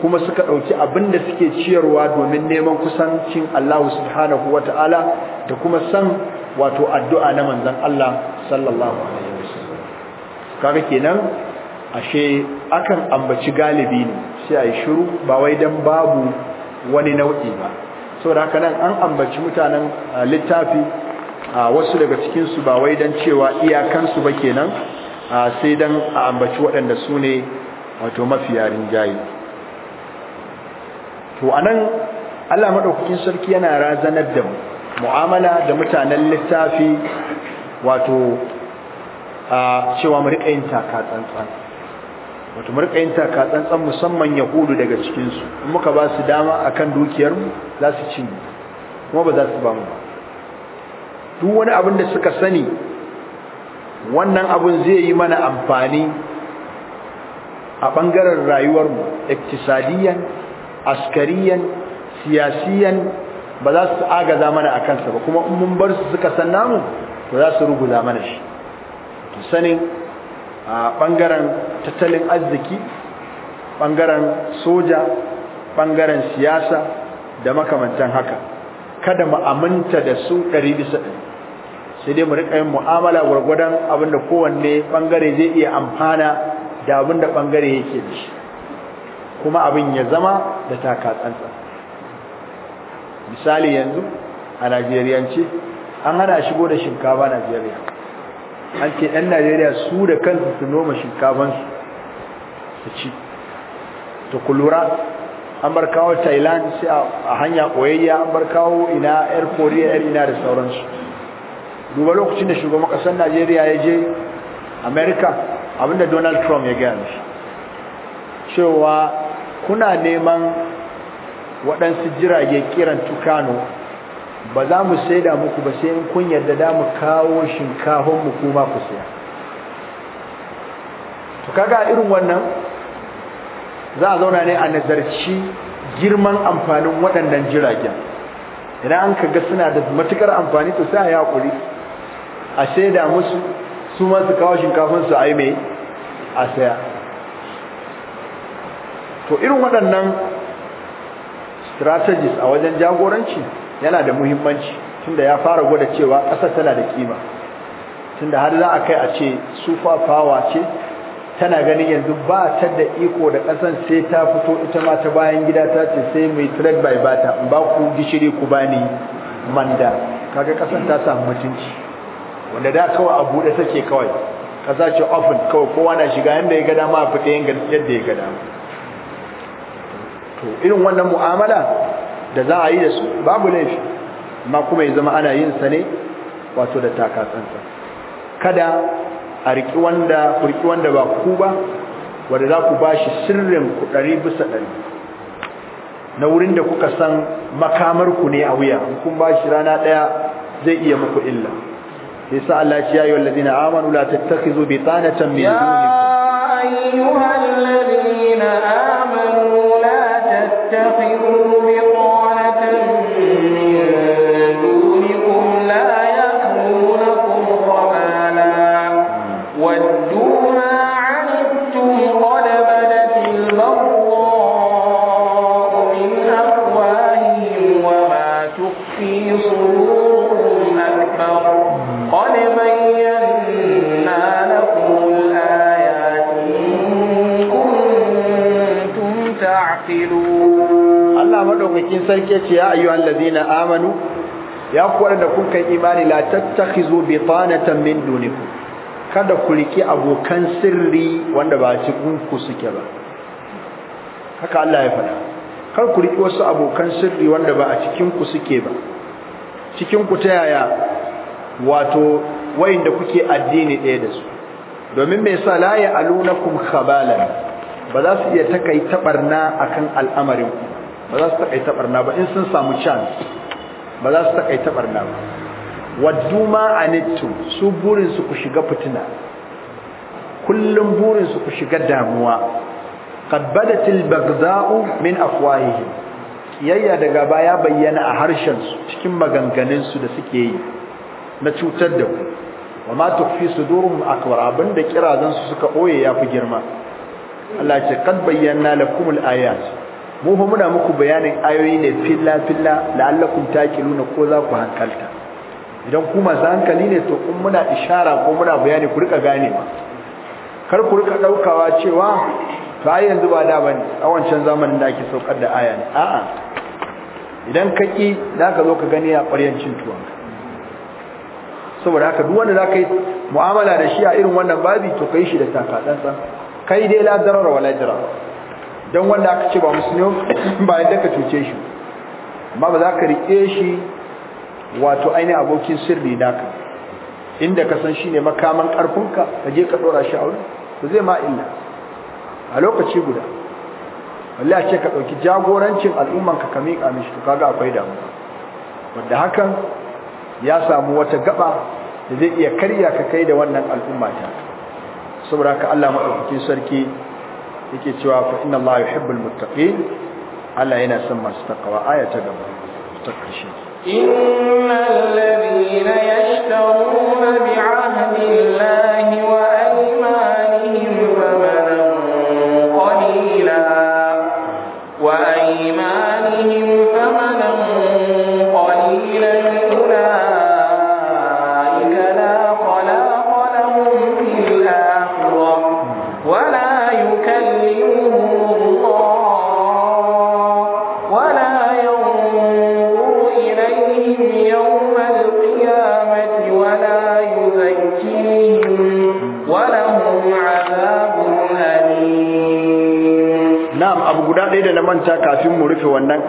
kuma suka ɗauki abin da suke ciyarwa domin neman kusancin Allah subhanahu wa ta'ala da kuma san wato addu'a na manzan Allah sallallahu alaihi wasallam kaga kenan ashe akan ambaci galibi ne sai ayi shiru ba wai dan babu wani nau'i ba saboda haka nan an ambaci mutanen littafi wasu daga cikin su ba wai dan cewa iyakansu ba kenan sai dan a ambaci waɗanda su ne wato yarin rinjaye to a nan Allah maɗaukakin sarki yana razanar da mu'amala da mutanen littafi wato a cewa mu rika taka tsantsan wato mu rika taka tsantsan musamman yahudu daga cikinsu, in muka ba su dama akan kan dukiyarmu za su cinye kuma ba za su ba mu ba duk wani abin da suka sani wannan abun zai yi mana amfani a ɓangaren rayuwarmu iktisadiyan askariyan siyasiyan ba za su agaza mana a kansa ba kuma in mun bar su suka san namu to za su ruguza mana shi to sanin a ɓangaren tattalin arziki ɓangaren soja ɓangaren siyasa da makamantan haka kada mu aminta da su ɗari bisa sai dai mu rika yin mu'amala gurgudan abinda kowanne bangare zai iya amfana da abinda bangare yake da shi kuma abin ya zama da taka tsantsa misali yanzu a ce, an hana shigo da shinkafa Najeriya an ce ɗan Najeriya su da kansu su noma shinkafansu su ci to kulura an bar kawo Thailand sai a hanya koyayya an bar kawo ina yar Korea yar ina da sauransu duba lokacin da shugaban kasar Najeriya ya je America abinda Donald Trump ya gaya mishi cewa kuna neman waɗansu jirage kiran tukano ba za mu saida muku ba sai in kun yarda da mu kawo shinkahon mu kuma ku saya to kaga irin wannan za a zauna ne a nazarci girman amfanin waɗannan jiragen idan an kaga suna da matukar amfani to sai a yi hakuri a shaida musu su ma su kawo shinkafin su yi mai a saya to irin waɗannan strategies a wajen jagoranci yana da muhimmanci tunda ya fara gwada cewa ƙasa tana da ƙima. tunda har za a kai a ce super ce tana ganin yanzu ba ta da iko da ƙasan sai ta fito ita ma ta bayan gida ta ce sai mai trade by bata ba ku gishiri ku bani manda kaga ƙasan ta samu mutunci wanda da kawai a buɗe take kawai ka ce ofin kawai kowa na shiga yadda ya gada ma a fita yadda ya ga dama to irin wannan mu'amala da za a yi da su babu laifi amma kuma ya zama ana yin sa ne wato da takatsantsa kada a riki wanda kurki wanda ba ku ba wanda za ku bashi sirrin ku ɗari bisa ɗari na wurin da kuka san makamarku ne a wuya kun bashi rana ɗaya zai iya muku illa yasa Allah ya yi wallazina amanu la tattakhizu bitanatan min dunikum ya ayyuhal ladina amanu sarki ce ya ayyuhal ladina amanu ya ku wanda kun kai imani la tattakhizu bitanatan min dunikum kada ku riki abokan sirri wanda ba cikin ku suke ba haka Allah ya faɗa kar ku riki wasu abokan sirri wanda ba a cikin ku suke ba cikin ku ta yaya wato wayanda kuke addini ɗaya da su domin me yasa la alunakum khabalan ba za su iya takai tabarna akan al'amarin ku ba za su takaita barna ba in sun samu chance ba za su takaita barna ba waddu ma anittu su burinsu ku shiga fitina kullum burinsu ku shiga damuwa qad badatil bagdha'u min afwahihim yayya daga baya bayyana a harshen su cikin maganganun da suke yi na cutar da ku wa ma tukfi sudurum akbar abinda kirazan su suka boye yafi girma Allah ce qad bayyana lakumul ayat mu fa muna muku bayanin ayoyi ne filla filla la'allakum taqiluna ko za ku hankalta idan ku masu hankali ne to kun muna ishara ko muna bayani ku rika ba. kar ku rika daukawa cewa to ai yanzu ba da bane a wancan zamanin da ake saukar da aya ne a'a idan ka ki zaka zo ka gani a ƙaryancin tuwa. saboda haka duk wanda za ka yi mu'amala da shi a irin wannan babi to kai shi da taka kai dai la darar wala jarara don wanda aka ce ba musulmi ba yadda ka cuce shi amma ba za ka riƙe shi wato ainihin abokin sirri naka inda ka san shi ne makaman ƙarfinka ka je ka ɗora shi a wurin ba zai ma illa a lokaci guda wallahi ce ka ɗauki jagorancin al'umman ka miƙa mishi to kaga akwai damuwa wanda hakan ya samu wata gaba da zai iya karya ka kai da wannan al'umma ta saboda ka Allah maɗaukacin sarki yake cewa fa inna allaha yuhibbul muttaqin Allah yana son masu takawa ayata ta gaba ta karshe innal ladina yashtaruna bi'ahdillahi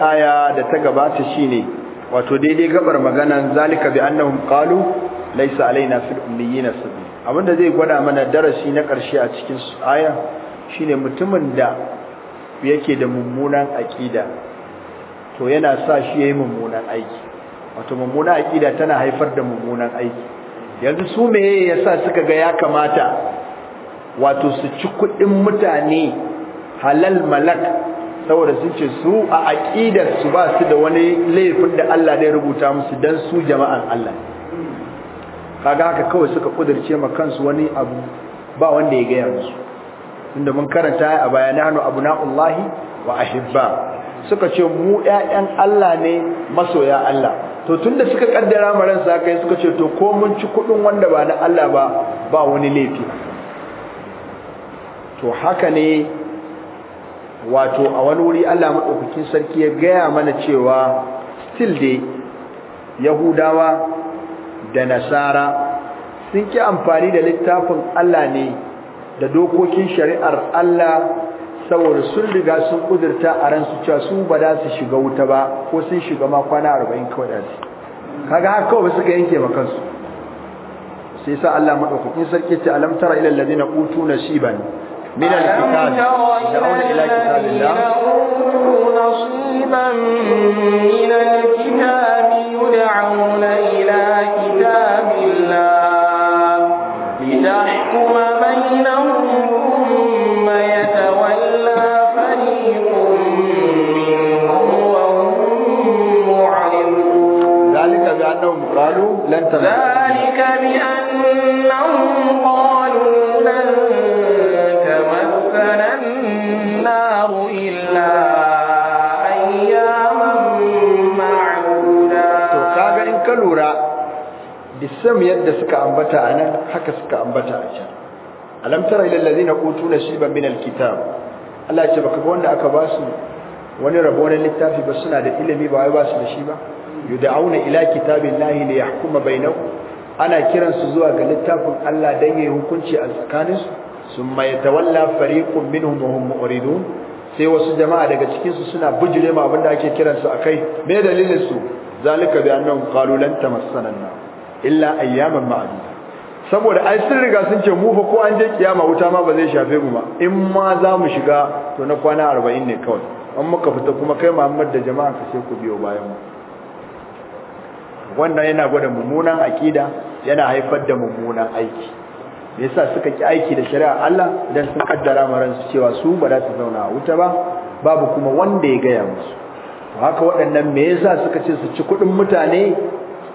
aya da ta gabata shine wato daidai gabar maganan zalika bi annahum qalu laysa alaina fil ummiyina sabil abinda zai gwada mana darasi na karshe a cikin aya shine mutumin da yake da mummunan aqida to yana sa shi yayi mummunan aiki wato mummunan aqida tana haifar da mummunan aiki yanzu su meye yasa suka ga ya kamata wato su ci kuɗin mutane halal malak saboda sun ce su a aƙidar su ba su da wani laifin da Allah zai rubuta musu dan su jama'an Allah kaga haka kawai suka kudirce ma kansu wani abu ba wanda ya gaya musu inda mun karanta a baya nanu abunaullahi wa ahibba suka ce mu yayan Allah ne masoya Allah to tunda suka kaddara maran sa kai suka ce to ko mun ci kudin wanda ba na Allah ba ba wani laifi to haka ne wato a wani wuri Allah madaukakin sarki ya gaya mana cewa still dai yahudawa da nasara sun ki amfani da littafin Allah ne da dokokin shari'ar Allah saboda sun riga sun kudurta a ransu cewa su ba za su shiga wuta ba ko sun shiga ma kwana 40 kawai da su kaga har kawai suka yanke ma kansu sai sa Allah madaukakin sarki ta alam tara ila alladhina utu nasiban من الكتاب يدعون إلى كتاب الله نصيبا من الكتاب يدعون إلى كتاب الله لتحكم بينهم ثم يتولى فريق منهم وهم معرضون ذلك بأنهم قالوا لن تنال sam yadda suka ambata a nan haka suka ambata a can alam tara ila allazina utuna shiban min alkitab Allah ce baka ga wanda aka ba su wani rabo na littafi ba suna da ilimi ba wai ba su da shi ba yud'auna ila kitabillahi li yahkuma bainahum ana kiran su zuwa ga littafin Allah dan yayi hukunci a tsakanin su summa yatawalla fariqun minhum wa hum mu'ridun sai wasu jama'a daga cikin su suna bujire ma abinda ake kiran su akai me dalilin su zalika bi annahum qalu lan tamassana illa ayyaman ma'duda saboda ai sun riga sun ce mu fa ko an je kiyama wuta ma ba zai shafe mu ba in ma za mu shiga to na kwana 40 ne kawai an muka fita kuma kai Muhammad da jama'a ka sai ku biyo bayan mu wannan yana gwada mummunan akida yana haifar da mummunan aiki me yasa suka ki aiki da shari'a Allah dan sun kaddara maran su cewa su ba za su zauna wuta ba babu kuma wanda ya gaya musu haka waɗannan me yasa suka ce su ci kuɗin mutane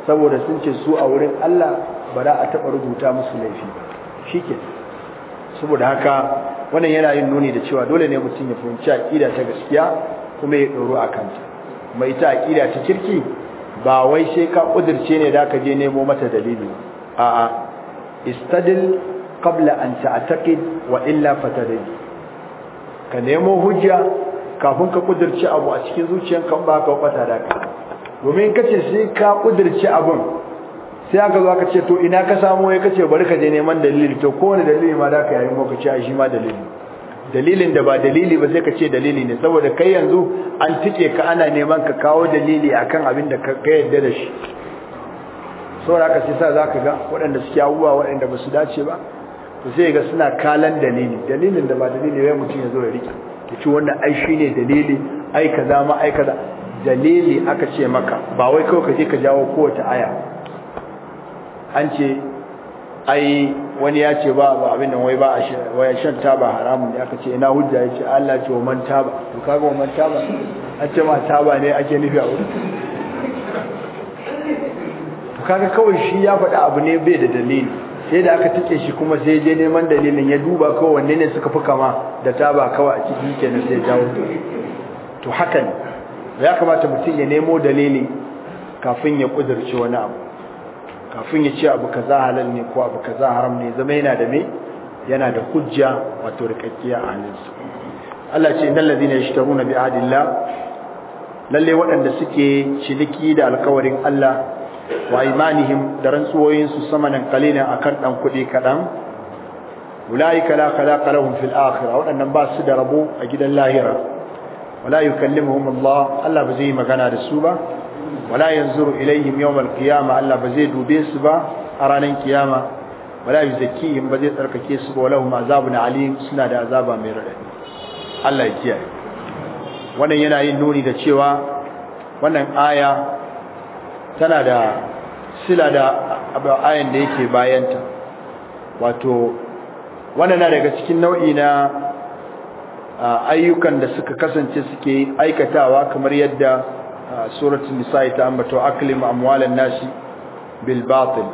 saboda sun ce su a wurin Allah ba za a taɓa rubuta musu laifi ba shi saboda haka wannan yana yin nuni da cewa dole ne mutum ya fahimci aƙida ta gaskiya kuma ya ɗoro a kanta kuma ita aƙida ta kirki ba wai sai ka ƙudurce ne da ka je nemo mata dalili a'a istadil qabla an ta'taqid wa illa fatadil ka nemo hujja kafin ka ƙudurce abu a cikin zuciyanka ba ka kwata da ka domin kace sai ka kudirce abun sai aka zo aka ce to ina ka samu ya kace bari ka je neman dalili to kowane dalili ma da ka yayin maka cewa shi ma dalili dalilin da ba dalili ba sai ka ce dalili ne saboda kai yanzu an tike ka ana neman ka kawo dalili akan abin da ka yadda da shi saboda haka sai sa zaka ga waɗanda suke abubuwa waɗanda ba su dace ba to sai ga suna kalan dalili dalilin da ba dalili bai mutum ya zo ya rike ya ci wannan ai shine dalili ai kaza ma ai kaza dalili aka ce maka ba wai kawai ka je ka jawo kowace aya an ce ai wani ya ce ba ba abin nan wai ba wai shan taba haramun ne aka ce ina hujja ya ce Allah ce wa man taba to kaga wa man taba an ce ma taba ne ake nufi a wurin to kaga kawai shi ya faɗi abu ne bai da dalili sai da aka tike shi kuma sai je neman dalilin ya duba kawai wanne ne suka fi kama da taba kawai a ciki kenan sai jawo to haka ne ya kamata mutum ya nemo dalili kafin ya kudirce wani abu kafin ya ce abu kaza halal ne ko abu kaza haram ne zama yana da me yana da hujja wato rikakkiya a hannunsa Allah ce innal ladina yashtaruna bi ahdillah lalle waɗanda suke ciniki da alkawarin Allah wa imanihim da rantsuwoyin su sama nankalina akan ɗan kuɗi kaɗan ulayi kala kala lahum fil akhirah waɗannan ba su da rabo a gidan lahira wala yukallimuhum Allah Allah ba zai magana da su ba wala yanzuru ilaihim yawmal qiyamah Allah ba zai dube su ba a ranar kiyama wala yuzakkihim ba zai tsarkake su ba walahum azabun alim suna da azaba mai radadi Allah ya kiyaye wannan yana yin nuni da cewa wannan aya tana da sila da ayan da yake bayanta wato wannan daga cikin nau'i na ayyukan da suka kasance suke aikatawa kamar yadda suratul nisa ta ambato aklim amwalan nashi bil batil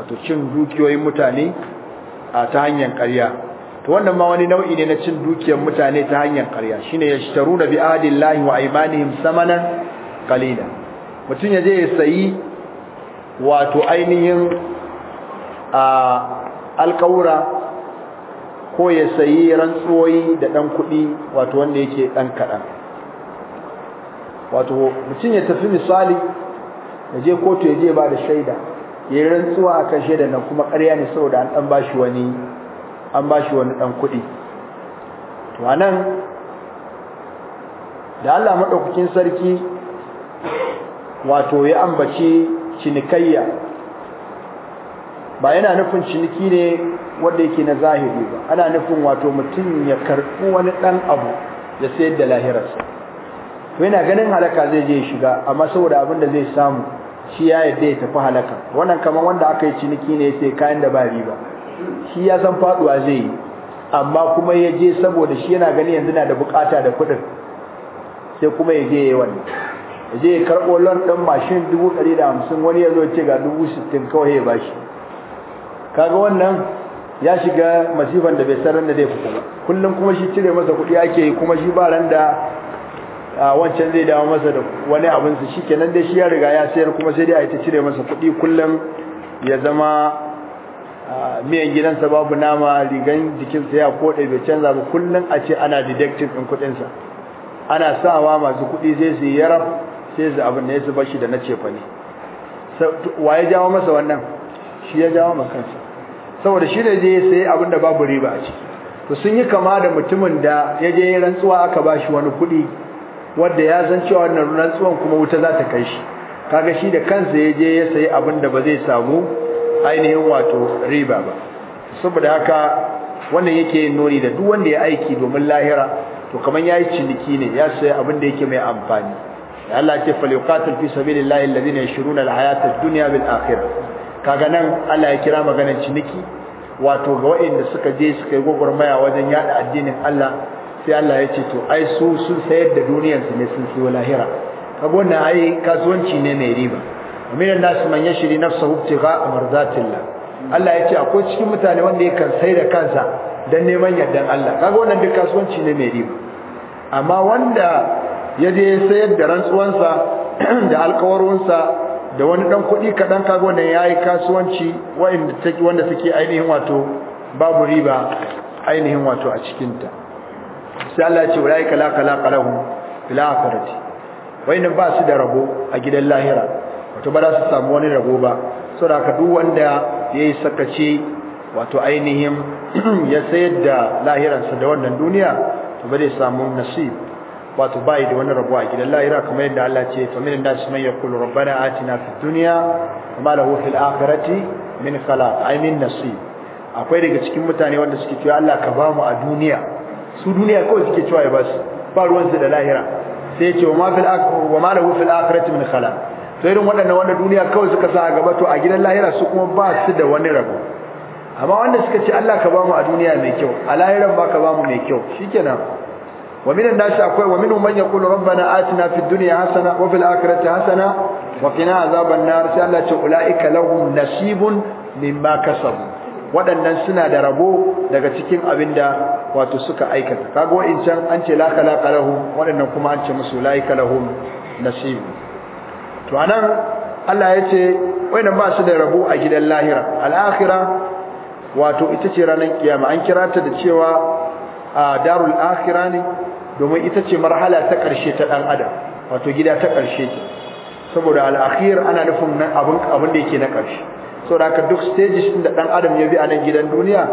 wato cin dukiyoyin mutane ta hanyar ƙarya to wannan ma wani nau'i ne na cin dukiyar mutane ta hanyar ƙarya shine yashtaruna bi adillahi wa aymanihim samanan qalila mutun yaje ya sayi wato ainihin a alƙawura ko ya sayi rantsuwoyi da ɗan kuɗi wato wanda yake ɗan kaɗan wato mutum ya tafi misali ya je kotu ya je ba da shaida ya yi rantsuwa a kan nan kuma ƙarya ne saboda an ɗan bashi wani an bashi wani ɗan kuɗi to a nan da Allah maɗaukakin sarki wato ya ambaci cinikayya ba yana nufin ciniki ne wanda yake na zahiri ba ana nufin wato mutum ya karɓi wani dan abu ya sayar da lahirarsa to yana ganin halaka zai je shiga amma saboda abin da zai samu shi ya yadda ya tafi halaka wannan kamar wanda aka yi ciniki ne sai kayan da ba riba shi ya san faduwa zai yi amma kuma ya je saboda shi yana gani yanzu na da bukata da kuɗin sai kuma ya je yayi wannan ya je ya karɓo lon dan mashin dubu ɗari wani ya zo ce ga dubu kawai ya bashi kaga wannan ya shiga masifan da bai san ran da zai fito kullum kuma shi cire masa kuɗi ake yi kuma shi ba ran da wancan zai dawo masa da wani abin su shikenan dai shi ya riga ya sayar kuma sai dai a yi ta cire masa kuɗi kullum ya zama miyan gidansa babu nama rigan jikinsa ya koɗe bai canza ba kullum a ce ana deductive ɗin kuɗinsa ana sawa masu kuɗi sai su yi yarab sai su abin da ya su bashi da na cefa ne wa ya jawo masa wannan shi ya jawo ma kansa saboda shi ne je sai abin da babu riba a ciki to sun yi kama da mutumin da ya je rantsuwa aka ba shi wani kuɗi wanda ya san cewa wannan rantsuwan kuma wuta za ta kai shi kaga shi da kansa ya je ya sayi abin da ba zai samu ainihin wato riba ba saboda haka wannan yake yin nuni da duk wanda ya aiki domin lahira to kaman yi ciniki ne ya sayi abin da yake mai amfani Allah ya ce falyuqatil fi sabilillahi alladhina yashuruna alhayata ad-dunya bil akhirah kaga nan Allah ya kira maganar ciniki wato ga waɗanda suka je suka yi gwagwarmaya wajen yada addinin Allah sai Allah ya ce to ai su sun sayar da duniyar su ne sun siyo lahira kaga wannan ai kasuwanci ne mai riba minan nasu man yashri nafsahu ga marzatillah Allah ya ce akwai cikin mutane wanda yakan sai da kansa dan neman yardan Allah kaga wannan duk kasuwanci ne mai riba amma wanda ya je sayar da rantsuwansa (clears throat) da alkawarinsa da wani dan kuɗi kaɗan kaga wannan ya yi kasuwanci wanda take ainihin wato babu riba ainihin wato a cikinta sai Allah ya ce wala kala kala qalahu fil akhirati wayin ba su da rabo a gidan lahira wato ba za su samu wani rabo ba saboda haka duk wanda yayi sakace wato ainihin (clears throat) ya sayar da lahiransa da wannan duniya to ba zai samu nasib wato bai da wani rabo a gidan lahira kamar yadda Allah ce to minan nas man yaqulu rabbana atina fid dunya Kuma lahu fil akhirati min khalaq ay min nasi akwai daga cikin mutane wanda suke cewa Allah ka bamu a duniya su duniya kawai suke cewa ya basu ba ruwan su da lahira sai ya ce wa ma fil akhirati wa ma lahu fil akhirati min khalaq to irin waɗannan wanda duniya kawai suka sa a gaba to a gidan lahira su kuma ba su da wani rabo amma wanda suka ce Allah ka bamu a duniya mai kyau a lahiran ba ka bamu mai kyau shikenan ومن الناس أقوى ومنهم من يقول ربنا آتنا في الدنيا حسنة وفي الآخرة حسنة وقنا عذاب النار سألت أولئك لهم نصيب مما كسبوا waɗannan suna da rabo daga cikin abinda da wato suka aikata kaga wa'incan an ce la khalaqa lahum kuma an ce musu laika lahum nasib to Allah ya ce wai ba su da rabo a gidan lahira al wato ita ce ranar kiyama an kira ta da cewa a darul akhira ne domin ita ce marhala ta ƙarshe ta ɗan adam wato gida ta ƙarshe ce saboda al'akhir ana nufin nan abin abin da yake na ƙarshe saboda da duk stages ɗin da ɗan adam ya bi a nan gidan duniya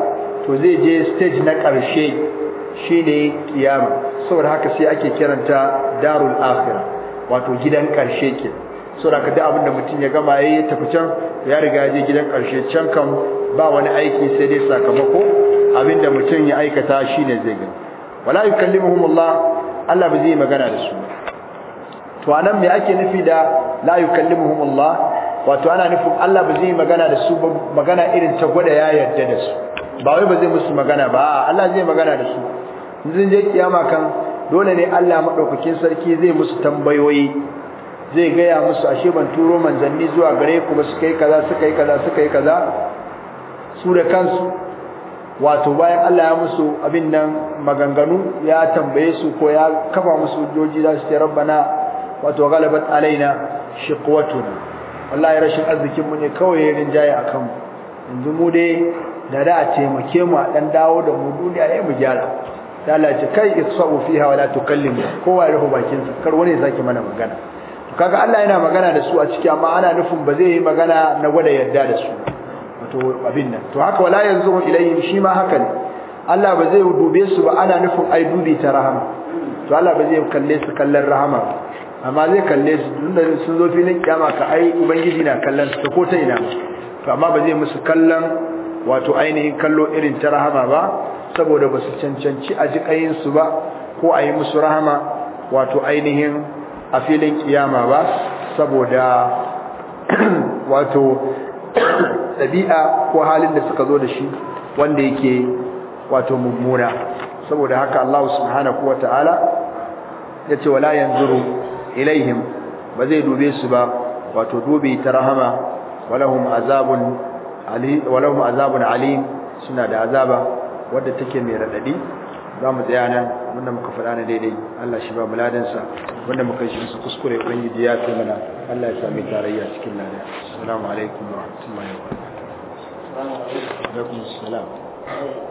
to zai je stage na ƙarshe shine kiyama saboda haka sai ake kiranta darul akhira wato gidan ƙarshe ke. sura ka da abin da mutum ya gama eh, yayi yi tafi can ya riga je gidan karshe can kam ba wani aiki sai dai sakamako abin da mutum ya aikata shine zai gani wala yukallimuhum Allah Allah ba zai magana da su to anan me ake nufi da la yukallimuhum Allah wato ana nufin Allah ba zai magana da su magana irin ta gwada ya yarda da su ba wai ba zai musu magana ba Allah zai magana da su zan je kiyama kan dole ne Allah madaukakin sarki zai musu tambayoyi zai gaya musu ashe ban turo manzanni zuwa gare ku ba suka yi kaza suka yi kaza suka yi kaza su da kansu wato bayan Allah ya musu abin nan maganganu ya tambaye su ko ya kafa musu hujjoji za su ce rabbana wato galabat alaina shiqwatun wallahi rashin arzikin mu ne kawai ya rinjaye akan mu yanzu mu dai da da a taimake mu a dan dawo da mu duniya ya mu gyara Allah ya ce kai isfa fiha wala tukallimu kowa ya rufe bakin sa kar wani zaki mana magana kaga Allah yana magana da su a ciki amma ana nufin ba zai yi magana na gwada yadda da su wato abin nan to haka wala yanzu ilayhi shi ma haka ne Allah ba zai dube su ba ana nufin ai dubi ta rahama to Allah ba zai kalle su kallon rahama amma zai kalle su da sun zo filin kiyama ka ai ubangiji na kallon su ko ta ina to amma ba zai musu kallon wato ainihin kallo irin ta rahama ba saboda ba su cancanci a ji su ba ko a yi musu rahama wato ainihin a filin kiyama ba saboda (clears throat) wato (clears throat) ɗabi'a ko halin da suka zo da shi wanda yake wato mummuna saboda haka Allah subhanahu wa ta'ala ya ce wala yanzuru ilaihim ba zai dube su ba wato dube ta rahama walahum azabun alim suna da azaba wadda take mai raɗaɗi za mu tsaya nan wanda muka faɗa na daidai Allah shi ba muladinsa wanda muka shi su kuskure ubangiji ya fi mana Allah ya sami tarayya cikin lada assalamu alaikum wa rahmatullahi wa barakatuh